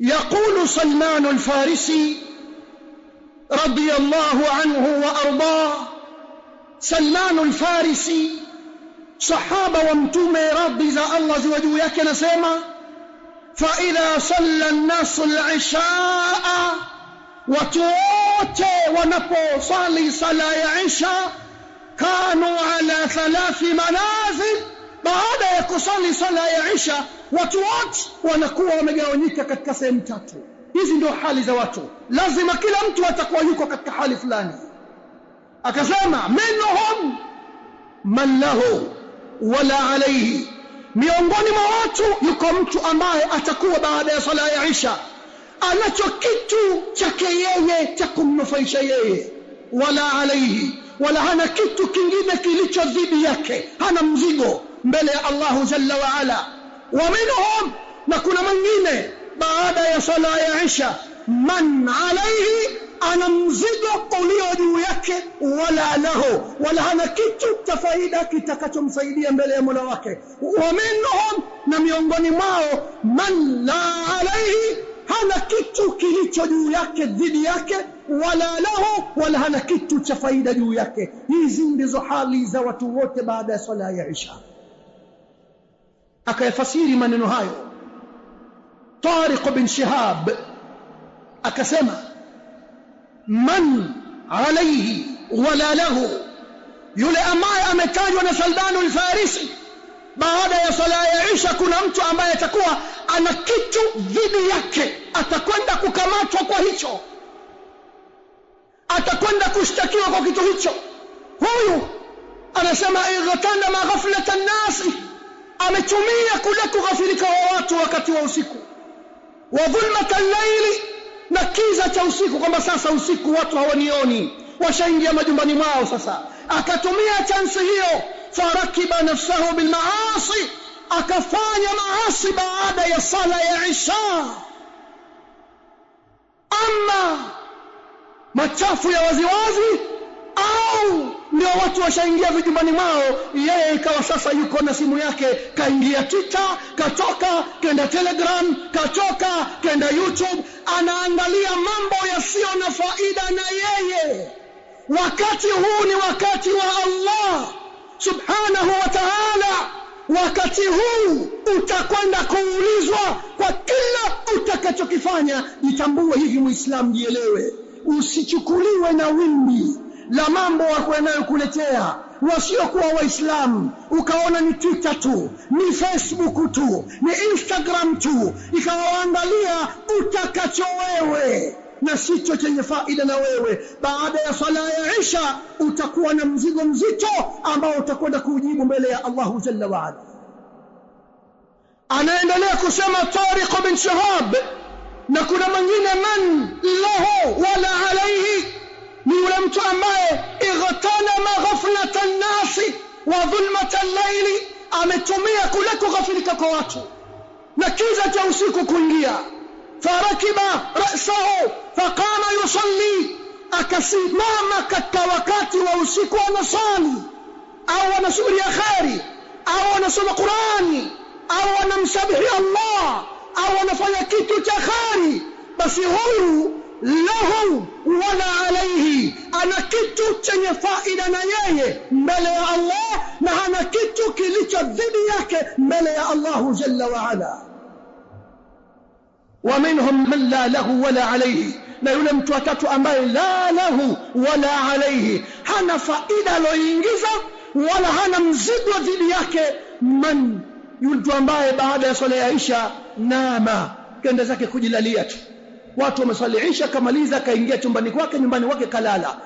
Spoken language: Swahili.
يقول سلمان الفارسي رضي الله عنه وارضاه سلمان الفارسي صحابه ومتومه رضي الله زوجه yake anasema فاذا صلى الناس العشاء وتوتي ونقو صلي صلاه عشاء كانوا على ثلاث منازل baada ya kusali sala ya Isha watu wote wanakuwa wamegawanyika katika sehemu tatu. Hizi ndio hali za watu, lazima kila mtu atakuwa yuko katika hali fulani. Akasema minhum man lahu wala alayhi, miongoni mwa watu yuko mtu ambaye atakuwa baada ya sala ya Isha anacho kitu chake yeye cha kumnufaisha yeye, wala alayhi, wala hana kitu kingine kilicho dhidi yake, hana mzigo mbele ya Allahu jalla wa ala wa minhum na kuna mwingine baada ya sala ya Isha man alaihi ana mzigo ulio juu yake wala lahu wala hana kitu cha faida kitakachomsaidia mbele ya Mola wake wa minhum na miongoni mwao man la alaihi hana kitu kilicho juu yake dhidi yake wala lahu wala hana kitu cha faida juu yake hizi ndizo hali za watu wote baada ya swala ya isha akayafasiri maneno hayo Tariq bin Shihab akasema man alayhi wala lahu yule ambaye ametajwa na Salman al-Farisi baada ya sala ya Isha kuna mtu ambaye atakuwa ana kitu dhidi yake atakwenda kukamatwa kwa hicho atakwenda kushtakiwa kwa kitu hicho huyu anasema ightana maghflatan nas amechumia kule kughafirika wa watu wakati wa usiku wa dhulmata llaili na kiza cha usiku kwamba sasa usiku watu hawanioni washaingia majumbani mwao sasa akatumia chansi hiyo farakiba nafsahu bilmaasi akafanya maasi baada ya sala ya isha ama machafu ya waziwazi au ndio watu washaingia vijumbani mwao, yeye ikawa sasa yuko na simu yake, kaingia tita katoka kenda Telegram, katoka kenda YouTube, anaangalia mambo yasiyo na faida na yeye. Wakati huu ni wakati wa Allah subhanahu wa ta'ala. Wakati huu utakwenda kuulizwa kwa kila utakachokifanya. Jitambue hivi Muislamu, jielewe, usichukuliwe na wimbi la mambo yanayokuletea wasiokuwa Waislamu, ukaona ni Twitter tu, ni Facebook tu, ni Instagram tu, ikawaangalia utakacho wewe na sicho chenye faida na wewe. Baada ya sala ya Isha utakuwa na mzigo mzito ambao utakwenda kuujibu mbele ya Allahu jalla waala. Anaendelea kusema Tariq bin Shahab, na kuna mwingine man wa dhulmata laili ametumia kule kughafilika kwa watu na kiza cha usiku kuingia farakiba rasahu faqama yusalli akasimama katika wakati wa usiku anasali au anasubiri akhari au anasoma qurani au anamsabihi allah au anafanya kitu cha khari basi huyu lahu wala alaihi, ana kitu chenye faida na yeye mbele ya Allah na hana kitu kilicho dhidi yake mbele ya Allahu jalla waala. Wa minhum man la lahu wala alaihi, na yule mtu watatu ambaye la lahu wala alaihi, hana faida aloingiza wala hana mzigo dhidi yake. Man, yule mtu ambaye baada ya swala ya Isha nama kenda zake kujilalia tu watu wameswali isha, kamaliza, kaingia chumbani kwake, nyumbani kwake kalala.